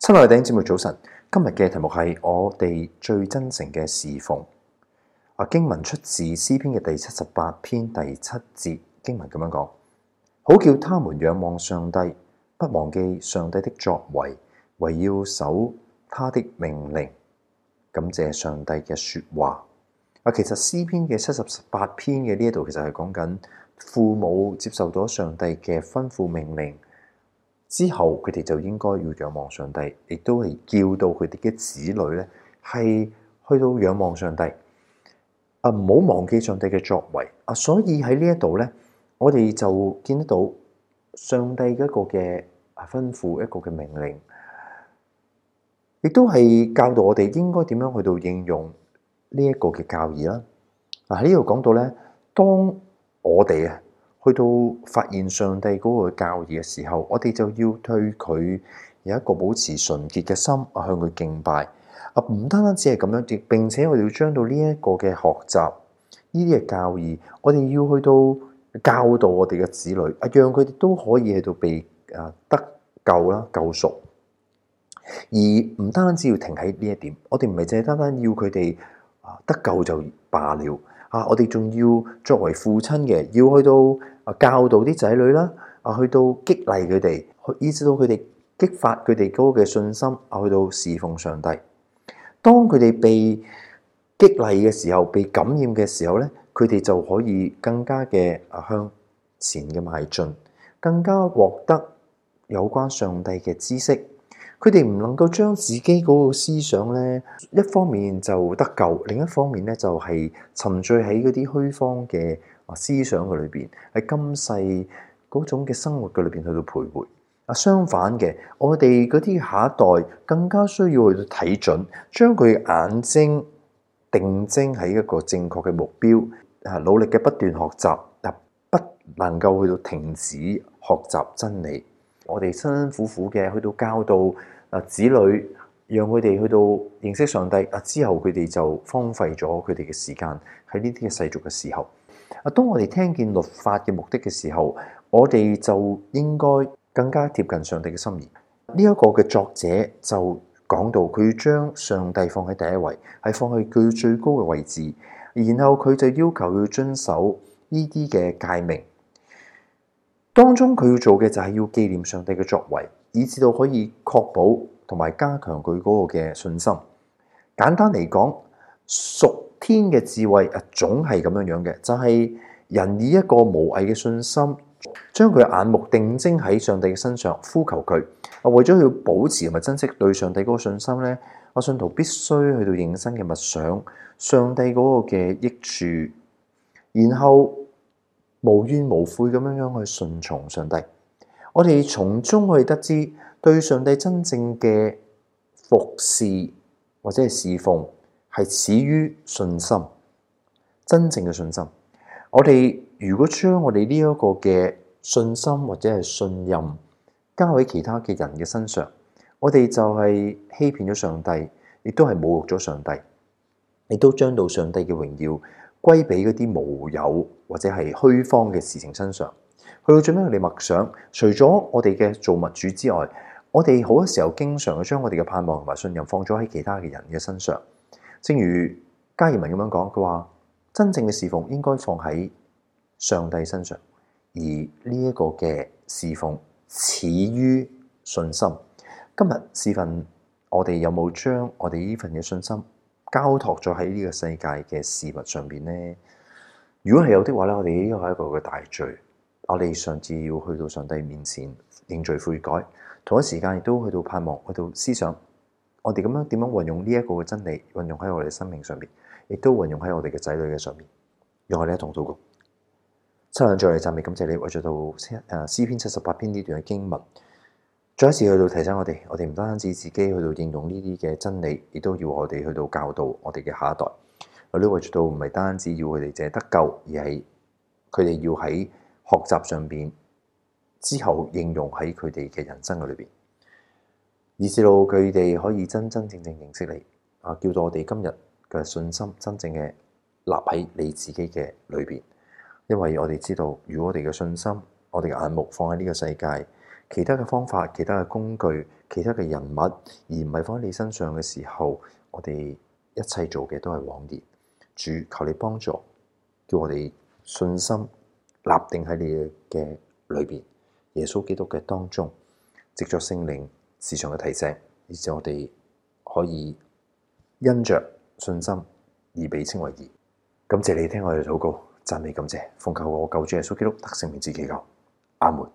親愛的弟兄姊妹早晨，今日嘅題目係我哋最真誠嘅侍奉。啊，經文出自詩篇嘅第七十八篇第七節，經文咁樣講，好叫他們仰望上帝，不忘記上帝的作為，唯要守他的命令。感謝上帝嘅說話。啊，其實詩篇嘅七十八篇嘅呢一度其實係講緊父母接受咗上帝嘅吩咐命令。之後，佢哋就應該要仰望上帝，亦都係叫到佢哋嘅子女咧，係去到仰望上帝啊！唔好忘記上帝嘅作為啊！所以喺呢一度咧，我哋就見得到上帝一個嘅吩咐，一個嘅命令，亦都係教導我哋應該點樣去到應用呢一個嘅教義啦。啊，喺呢度講到咧，當我哋啊～去到發現上帝嗰個教義嘅時候，我哋就要對佢有一個保持純潔嘅心，向佢敬拜。啊，唔單單只係咁樣，並並且我哋要將到呢一個嘅學習，呢啲嘅教義，我哋要去到教導我哋嘅子女，啊，讓佢哋都可以喺度被啊得救啦，救贖。而唔單單只要停喺呢一點，我哋唔係淨係單單要佢哋啊得救就罷了。啊！我哋仲要作為父親嘅，要去到啊教導啲仔女啦，啊去到激勵佢哋，以至到佢哋激發佢哋高嘅信心，啊去到侍奉上帝。當佢哋被激勵嘅時候，被感染嘅時候咧，佢哋就可以更加嘅啊向前嘅邁進，更加獲得有關上帝嘅知識。佢哋唔能夠將自己嗰個思想咧，一方面就得救，另一方面咧就係沉醉喺嗰啲虛荒嘅啊思想嘅裏邊，喺今世嗰種嘅生活嘅裏邊去到徘徊。啊，相反嘅，我哋嗰啲下一代更加需要去到睇準，將佢眼睛定睛喺一個正確嘅目標，啊，努力嘅不斷學習，又不能夠去到停止學習真理。我哋辛辛苦苦嘅去到教導。子女讓佢哋去到認識上帝啊，之後佢哋就荒廢咗佢哋嘅時間喺呢啲嘅世俗嘅時候。啊！當我哋聽見律法嘅目的嘅時候，我哋就應該更加貼近上帝嘅心意。呢一個嘅作者就講到，佢將上帝放喺第一位，係放喺佢最高嘅位置。然後佢就要求要遵守呢啲嘅誡命。當中佢要做嘅就係要紀念上帝嘅作為。以至到可以確保同埋加強佢嗰個嘅信心。簡單嚟講，屬天嘅智慧啊，總係咁樣樣嘅，就係、是、人以一個無畏嘅信心，將佢眼目定睛喺上帝嘅身上，呼求佢。啊，為咗要保持同埋珍惜對上帝嗰個信心咧，啊，信徒必須去到認真嘅默想上帝嗰個嘅益處，然後無怨無悔咁樣樣去順從上帝。我哋從中去得知，對上帝真正嘅服侍或者係侍奉，係始於信心，真正嘅信心。我哋如果將我哋呢一個嘅信心或者係信任，交喺其他嘅人嘅身上，我哋就係欺騙咗上帝，亦都係侮辱咗上帝，亦都將到上帝嘅榮耀歸俾嗰啲無有或者係虛荒嘅事情身上。去到最尾，你默想，除咗我哋嘅造物主之外，我哋好多時候經常將我哋嘅盼望同埋信任放咗喺其他嘅人嘅身上。正如加爾文咁樣講，佢話真正嘅侍奉應該放喺上帝身上，而呢一個嘅侍奉始於信心。今日是份我哋有冇將我哋呢份嘅信心交託咗喺呢個世界嘅事物上邊咧？如果係有啲話咧，我哋呢個係一個嘅大罪。我哋上次要去到上帝面前認罪悔改，同一時間亦都去到盼望，去到思想，我哋咁樣點樣運用呢一個嘅真理，運用喺我哋生命上面，亦都運用喺我哋嘅仔女嘅上面。讓我哋一同做工。七兩再嚟讚美，感謝你為咗到詩誒詩篇七十八篇呢段嘅經文，再一次去到提醒我哋，我哋唔單止自己去到應用呢啲嘅真理，亦都要我哋去到教導我哋嘅下一代。我哋為咗到唔係單止要佢哋淨係得救，而係佢哋要喺。學習上邊之後，應用喺佢哋嘅人生嘅裏邊，以至到佢哋可以真真正正正認識你啊！叫做我哋今日嘅信心真正嘅立喺你自己嘅裏邊，因為我哋知道，如果我哋嘅信心，我哋嘅眼目放喺呢個世界，其他嘅方法、其他嘅工具、其他嘅人物，而唔係放喺你身上嘅時候，我哋一切做嘅都係枉然。主求你幫助，叫我哋信心。立定喺你嘅裏邊，耶穌基督嘅當中，藉着聖靈時常嘅提醒，以至我哋可以因着信心而被稱為義。感謝你聽我哋禱告，讚美感謝，奉求我救主耶穌基督得勝名自己救。阿門。